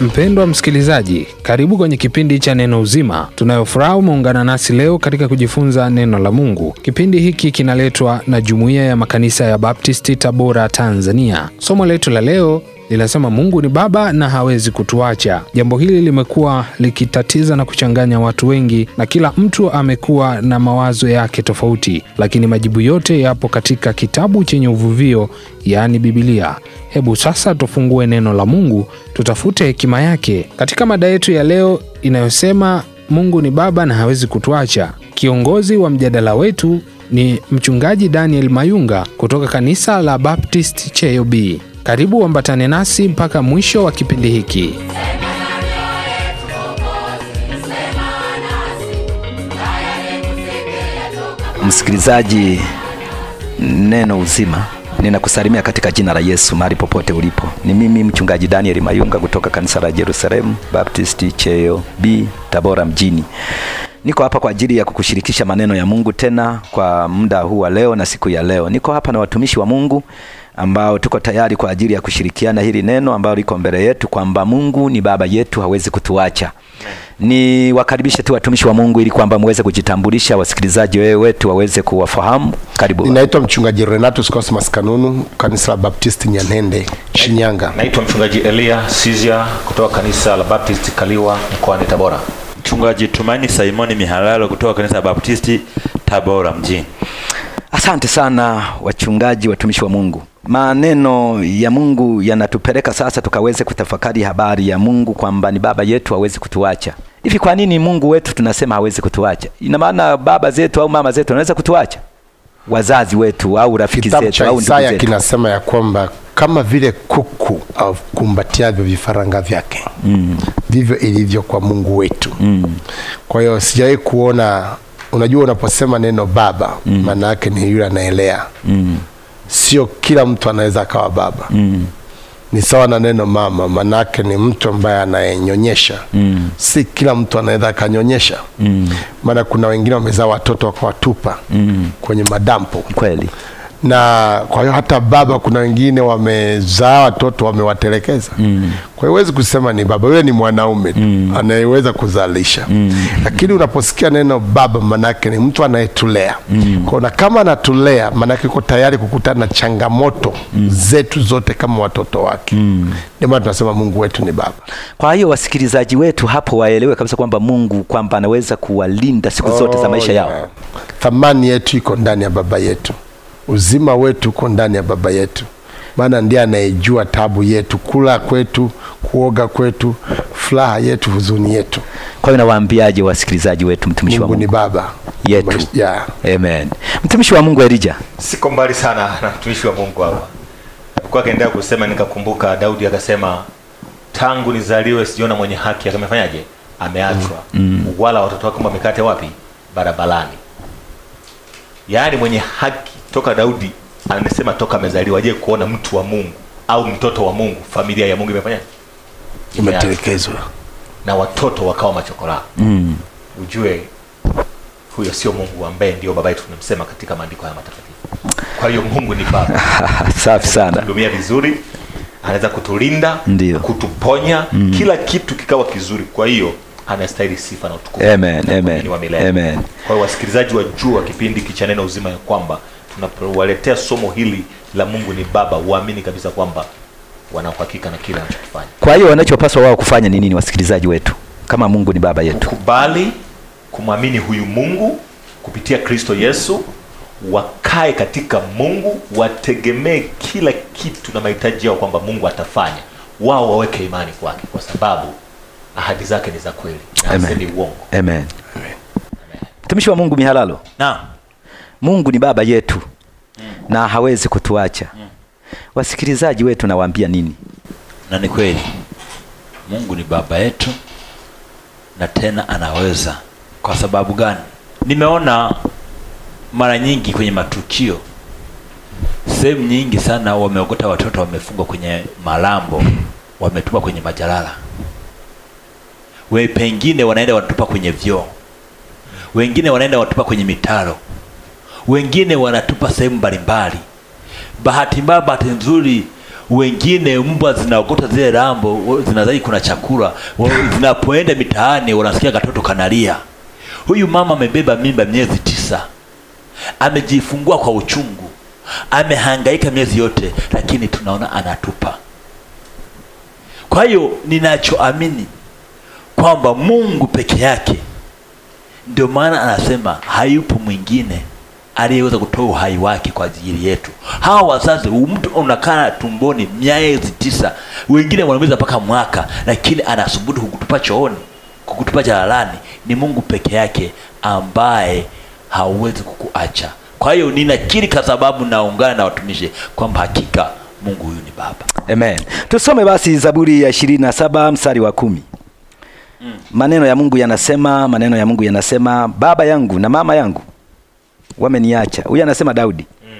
Mpendwa msikilizaji, karibu kwenye kipindi cha Neno Uzima. Tunayofuraha umeungana nasi leo katika kujifunza neno la Mungu. Kipindi hiki kinaletwa na Jumuiya ya Makanisa ya Baptisti, Tabora, Tanzania. Somo letu la leo linasema Mungu ni Baba na hawezi kutuacha. Jambo hili limekuwa likitatiza na kuchanganya watu wengi, na kila mtu amekuwa na mawazo yake tofauti, lakini majibu yote yapo katika kitabu chenye uvuvio, yaani Bibilia. Hebu sasa tufungue neno la Mungu, tutafute hekima yake katika mada yetu ya leo inayosema Mungu ni Baba na hawezi kutuacha. Kiongozi wa mjadala wetu ni Mchungaji Daniel Mayunga kutoka kanisa la Baptist chob Karibu ambatane nasi mpaka mwisho wa kipindi hiki. Msikilizaji, neno uzima Ninakusalimia katika jina la Yesu mahali popote ulipo. Ni mimi mchungaji Daniel Mayunga kutoka kanisa la Jerusalemu Baptisti Cheyo B Tabora mjini. Niko hapa kwa ajili ya kukushirikisha maneno ya Mungu tena kwa muda huu wa leo na siku ya leo. Niko hapa na watumishi wa Mungu ambao tuko tayari kwa ajili ya kushirikiana hili neno ambalo liko mbele yetu kwamba Mungu ni baba yetu, hawezi kutuacha. Ni wakaribishe tu watumishi wa Mungu ili kwamba muweze kujitambulisha, wasikilizaji wewe wetu waweze kuwafahamu. Karibu. Ninaitwa mchungaji Renatus Cosmas Kanunu, kanisa la Baptist Nyanende, Shinyanga. Naitwa mchungaji Elia Sizia kutoka kanisa la Baptist Kaliwa mkoani Tabora. Mchungaji Tumaini Simoni Mihalalo kutoka kanisa la Baptist Tabora mjini. Asante sana wachungaji, watumishi wa Mungu. Maneno ya Mungu yanatupeleka sasa tukaweze kutafakari habari ya Mungu kwamba ni baba yetu hawezi kutuacha. Hivi kwa nini Mungu wetu tunasema hawezi kutuacha? Ina maana baba zetu au mama zetu wanaweza kutuacha? Wazazi wetu au rafiki Kitabu zetu au ndugu zetu. Isaya kinasema ya kwamba kama vile kuku kumbatia vifaranga vyake mm. Vivyo ilivyo kwa Mungu wetu mm. Kwa hiyo sijawahi kuona, unajua unaposema neno baba mm. maana mm. yake ni yule anaelea mm sio kila mtu anaweza akawa baba mm. Ni sawa na neno mama, manake ni mtu ambaye anayenyonyesha mm. Si kila mtu anaweza akanyonyesha mm. Maana kuna wengine wamezaa watoto wakawatupa mm. kwenye madampo kweli na kwa hiyo hata baba, kuna wengine wamezaa watoto wamewatelekeza. mm. Kwa hiyo huwezi kusema ni baba, yule ni mwanaume mm. anayeweza kuzalisha mm. Lakini unaposikia neno baba, manake ni mtu anayetulea mm. Kwa na kama anatulea, manake yuko tayari kukutana na changamoto mm. zetu zote kama watoto wake mm. Ndio maana tunasema Mungu wetu ni baba. Kwa hiyo wasikilizaji wetu hapo waelewe kabisa kwamba Mungu kwamba anaweza kuwalinda siku zote za oh, maisha yeah. yao. Thamani yetu iko ndani ya baba yetu uzima wetu uko ndani ya Baba yetu, maana ndiye anayejua tabu yetu, kula kwetu, kuoga kwetu, furaha yetu, huzuni yetu. Kwa hiyo nawaambiaje wasikilizaji wetu, mtumishi wa Mungu ni baba yetu. Yeah. Amen. Mtumishi wa Mungu Elija, siko mbali sana na mtumishi wa Mungu hapa kwa kaendelea kusema, nikakumbuka Daudi akasema, tangu nizaliwe sijiona mwenye haki akamefanyaje, ameachwa mm. mm. wala watoto wake wamekate wapi, barabarani. Yaani mwenye haki toka Daudi anasema toka amezaliwa. Je, kuona mtu wa Mungu au mtoto wa Mungu, familia ya Mungu imefanya imetelekezwa na watoto wakawa machokora. Mm. Ujue huyo sio Mungu ambaye ndio baba yetu tunamsema katika maandiko haya matakatifu. Kwa hiyo Mungu ni baba safi sana, dumia vizuri, anaweza kutulinda, ndio kutuponya, mm. kila kitu kikawa kizuri. Kwa hiyo anastahili sifa na utukufu. Amen, amen, amen. Kwa hiyo wasikilizaji wa juu wa kipindi kicha Neno Uzima ya kwamba tunawaletea somo hili la Mungu ni Baba, waamini kabisa kwamba wana uhakika na kile wanachofanya. Kwa hiyo wanachopaswa wao kufanya ni nini, wasikilizaji wetu, kama Mungu ni Baba yetu? Kukubali kumwamini huyu Mungu kupitia Kristo Yesu, wakae katika Mungu, wategemee kila kitu na mahitaji yao kwamba Mungu atafanya. Wao waweke imani kwake, kwa sababu ahadi zake ni za kweli na hazisemi uongo. Amen. Mtumishi wa Mungu Mihalalo, naam Mungu ni baba yetu na hawezi kutuacha Wasikilizaji wetu nawaambia nini? Na ni kweli Mungu ni baba yetu na tena anaweza. Kwa sababu gani? Nimeona mara nyingi kwenye matukio sehemu nyingi sana wameokota watoto wamefungwa kwenye malambo, wametupa kwenye majalala, we pengine wanaenda wanatupa kwenye vyoo, wengine wanaenda wanatupa kwenye mitaro wengine wanatupa sehemu mbalimbali. Bahati mbaya, bahati nzuri, wengine mbwa zinaokota zile rambo, zinazai kuna chakula. Zinapoenda mitaani, wanasikia katoto kanalia. Huyu mama amebeba mimba miezi tisa, amejifungua kwa uchungu, amehangaika miezi yote, lakini tunaona anatupa. Kwa hiyo ninachoamini kwamba Mungu peke yake, ndio maana anasema hayupo mwingine aliyeweza kutoa uhai wake kwa ajili yetu. Hawa wazazi, mtu unakaa tumboni miezi tisa, wengine wanaweza mpaka mwaka, lakini anasubutu kukutupa chooni, kukutupa jalalani. Ni Mungu peke yake ambaye hauwezi kukuacha. Kwa hiyo ninakiri kwa sababu naungana na watumishi kwamba hakika Mungu huyu ni Baba. Amen. Tusome basi Zaburi ya ishirini na saba mstari wa kumi. Mm. Maneno ya Mungu yanasema, maneno ya Mungu yanasema, baba yangu na mama yangu wameniacha. Huyu anasema Daudi mm.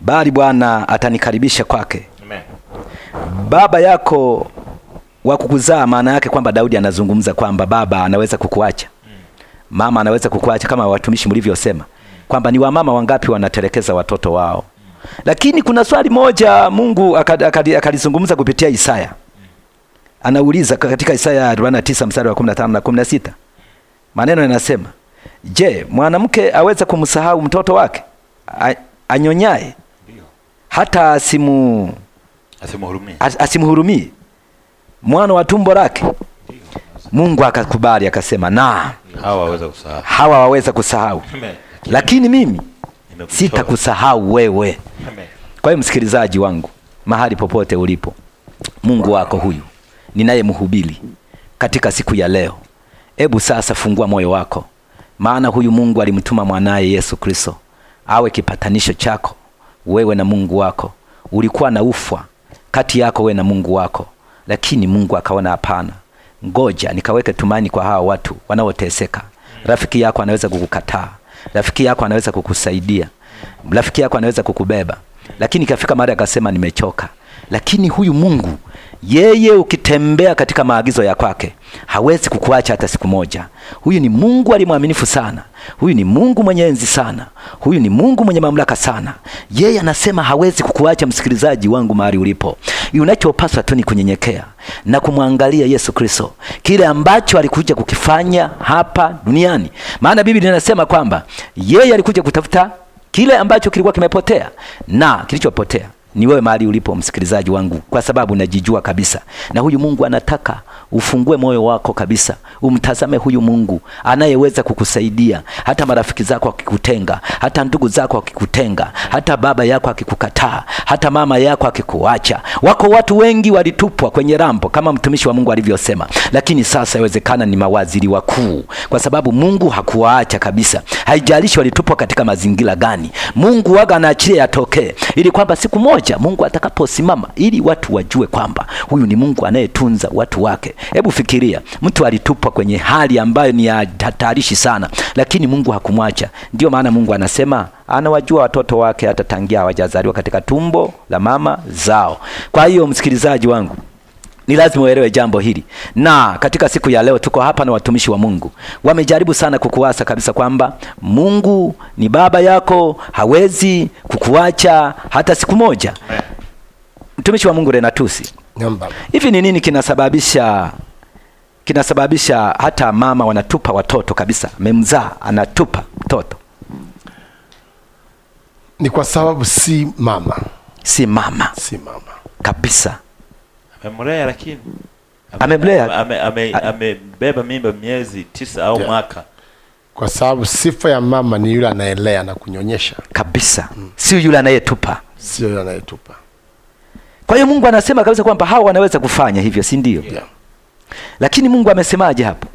bali Bwana atanikaribisha kwake. Amen. Baba yako wa kukuzaa, maana yake kwamba Daudi anazungumza kwamba baba anaweza kukuacha mm. mama anaweza kukuacha kama watumishi mlivyosema hmm. kwamba ni wamama wangapi wanatelekeza watoto wao hmm. lakini kuna swali moja Mungu akalizungumza kupitia Isaya hmm. anauliza katika Isaya 49 mstari wa 15 na 16 maneno yanasema Je, mwanamke aweza kumsahau mtoto wake anyonyaye? Hata asimu asimhurumie, asimhurumie mwana wa tumbo lake? Mungu akakubali akasema, na hawa waweza kusahau, hawa waweza kusahau lakini mimi sitakusahau wewe. Kwa hiyo msikilizaji wangu, mahali popote ulipo, Mungu wako huyu mhubiri katika siku ya leo, hebu sasa fungua moyo wako maana huyu Mungu alimtuma mwanaye Yesu Kristo awe kipatanisho chako wewe na Mungu wako. Ulikuwa na ufwa kati yako wewe na Mungu wako, lakini Mungu akaona hapana, ngoja nikaweke tumaini kwa hawa watu wanaoteseka. Rafiki yako anaweza kukukataa, rafiki yako anaweza kukusaidia, rafiki yako anaweza kukubeba, lakini ikafika mara akasema, nimechoka lakini huyu Mungu yeye, ukitembea katika maagizo ya kwake, hawezi kukuacha hata siku moja. Huyu ni Mungu ali mwaminifu sana. Huyu ni Mungu mwenye enzi sana. Huyu ni Mungu mwenye mamlaka sana. Yeye anasema hawezi kukuacha, msikilizaji wangu, mahali ulipo. Unachopaswa tu ni kunyenyekea na kumwangalia Yesu Kristo, kile ambacho alikuja kukifanya hapa duniani, maana Biblia inasema kwamba yeye alikuja kutafuta kile ambacho kilikuwa kimepotea na kilichopotea ni wewe mahali ulipo msikilizaji wangu, kwa sababu najijua kabisa, na huyu Mungu anataka ufungue moyo wako kabisa, umtazame huyu Mungu anayeweza kukusaidia hata marafiki zako akikutenga, hata ndugu zako akikutenga, hata baba yako akikukataa, hata mama yako akikuacha. Wako watu wengi walitupwa kwenye rambo kama mtumishi wa Mungu alivyosema, lakini sasa yawezekana ni mawaziri wakuu, kwa sababu Mungu hakuwaacha kabisa. Haijalishi walitupwa katika mazingira gani, Mungu waga anaachilia yatokee, ili kwamba siku moja moja Mungu atakaposimama, ili watu wajue kwamba huyu ni Mungu anayetunza watu wake. Hebu fikiria, mtu alitupwa kwenye hali ambayo ni hatarishi sana, lakini Mungu hakumwacha. Ndiyo maana Mungu anasema anawajua watoto wake hata tangia hawajazaliwa katika tumbo la mama zao. Kwa hiyo msikilizaji wangu ni lazima uelewe jambo hili, na katika siku ya leo tuko hapa na watumishi wa Mungu wamejaribu sana kukuwasa kabisa kwamba Mungu ni baba yako, hawezi kukuacha hata siku moja. Mtumishi wa Mungu Renatusi, hivi ni nini kinasababisha kinasababisha hata mama wanatupa watoto kabisa, memzaa anatupa mtoto? Ni kwa sababu si mama, si mama, si mama kabisa amemlea lakini amemlea amebeba mimba miezi tisa au yeah. mwaka kwa sababu sifa ya mama ni yule anaelea na kunyonyesha kabisa mm. sio yule anayetupa sio yule anayetupa kwa hiyo mungu anasema kabisa kwamba hao wanaweza kufanya hivyo si ndio yeah. lakini mungu amesemaje hapo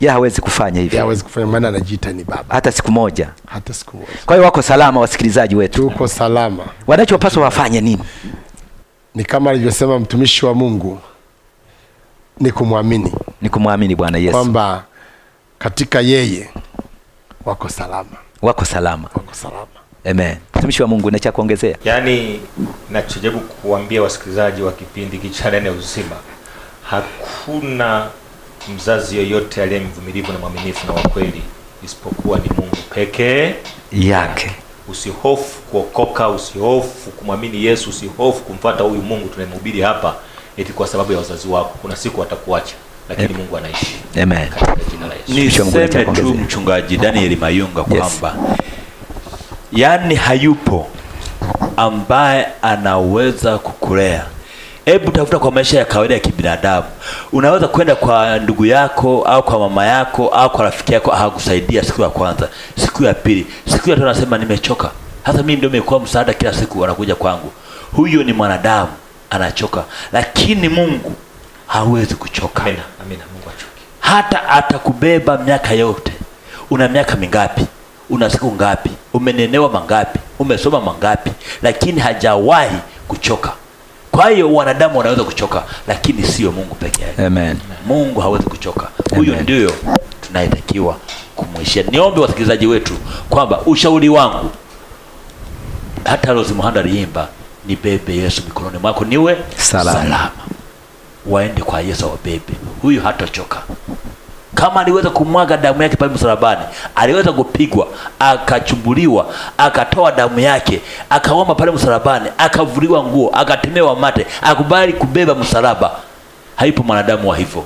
ya hawezi kufanya hivyo Ya hawezi kufanya maana anajiita ni baba hata siku moja hata siku moja kwa hiyo wako salama wasikilizaji wetu tuko salama wanachopaswa wafanye nini ni kama alivyosema mtumishi wa Mungu ni kumwamini, ni kumwamini Bwana Yesu kwamba katika yeye wako salama, wako salama, wako salama. Amen. Mtumishi wa Mungu, nacha kuongezea, yaani nachojaribu kuambia wasikilizaji wa kipindi kicha cha Neno Uzima, hakuna mzazi yoyote aliye mvumilivu na mwaminifu na wa kweli isipokuwa ni Mungu pekee yake usihofu kuokoka, usihofu kumwamini Yesu, usihofu kumfata huyu Mungu tunayemhubiri hapa eti kwa sababu ya wazazi wako. Kuna siku watakuacha, lakini Amen. Mungu anaishi. Amen. Niseme tu mchungaji Daniel Mayunga kwamba yes. yani hayupo ambaye anaweza kukulea Hebu tafuta kwa maisha ya kawaida ya kibinadamu. Unaweza kwenda kwa ndugu yako au kwa mama yako au kwa rafiki yako, hakusaidia siku ya kwanza, siku ya pili, siku ya tatu, anasema nimechoka, hasa mimi ndio nimekuwa msaada kila siku, anakuja kwangu. Huyo ni mwanadamu, anachoka, lakini Mungu hawezi kuchoka. Amina, amina, Mungu hachoki, hata atakubeba miaka yote. Una miaka mingapi? Una siku ngapi? Umenenewa mangapi? Umesoma mangapi? Lakini hajawahi kuchoka. Kwa hiyo wanadamu wanaweza kuchoka, lakini sio Mungu peke yake. Amen. Mungu hawezi kuchoka. Huyo ndio tunayetakiwa kumwishia. Niombe wasikilizaji wetu kwamba ushauri wangu hata Rose Muhando aliimba, bebe Yesu mikononi mwako niwe salama, salama. Waende kwa Yesu wabebe, huyu hatachoka kama aliweza kumwaga damu yake pale msalabani, aliweza kupigwa, akachumbuliwa, akatoa damu yake, akaomba pale msalabani, akavuliwa nguo, akatemewa mate, akubali kubeba msalaba. Haipo mwanadamu wa hivyo.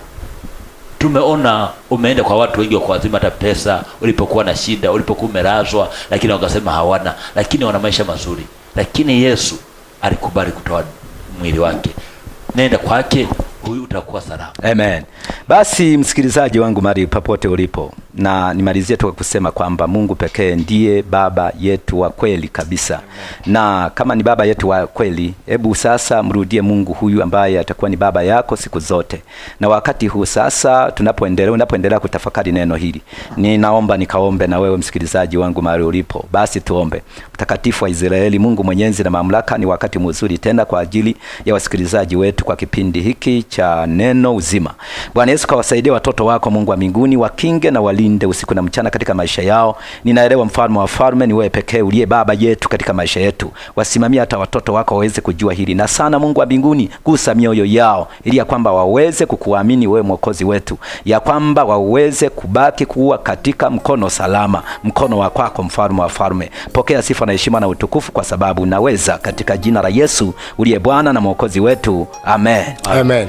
Tumeona umeenda kwa watu wengi wa hata pesa, ulipokuwa na shida, ulipokuwa umelazwa, lakini wakasema hawana, lakini wana maisha mazuri. Lakini Yesu alikubali kutoa mwili wake. Nenda kwake huyu utakuwa salama. Amen. Basi msikilizaji wangu mari popote ulipo, na nimalizie tu kusema kwamba Mungu pekee ndiye baba yetu wa kweli kabisa. Amen. Na kama ni baba yetu wa kweli, hebu sasa mrudie Mungu huyu ambaye atakuwa ni baba yako siku zote. Na wakati huu sasa tunapoendelea, unapoendelea kutafakari neno hili, ninaomba nikaombe na wewe msikilizaji wangu mari ulipo. Basi tuombe. Mtakatifu wa Israeli, Mungu mwenyezi na mamlaka, ni wakati mzuri tena kwa ajili ya wasikilizaji wetu kwa kipindi hiki cha neno uzima. Bwana Yesu kawasaidie watoto wako, Mungu wa mbinguni, wakinge na walinde usiku na mchana katika maisha yao. Ninaelewa mfalme wa falme ni wewe pekee uliye baba yetu katika maisha yetu. Wasimamia hata watoto wako waweze kujua hili, na sana Mungu wa mbinguni, gusa mioyo yao ili ya kwamba waweze kukuamini wewe mwokozi wetu, ya kwamba waweze kubaki kuwa katika mkono salama, mkono wa kwako, mfalme wa falme. Pokea sifa na heshima na utukufu, kwa sababu unaweza, katika jina la Yesu uliye Bwana na mwokozi wetu, amen, amen.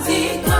quase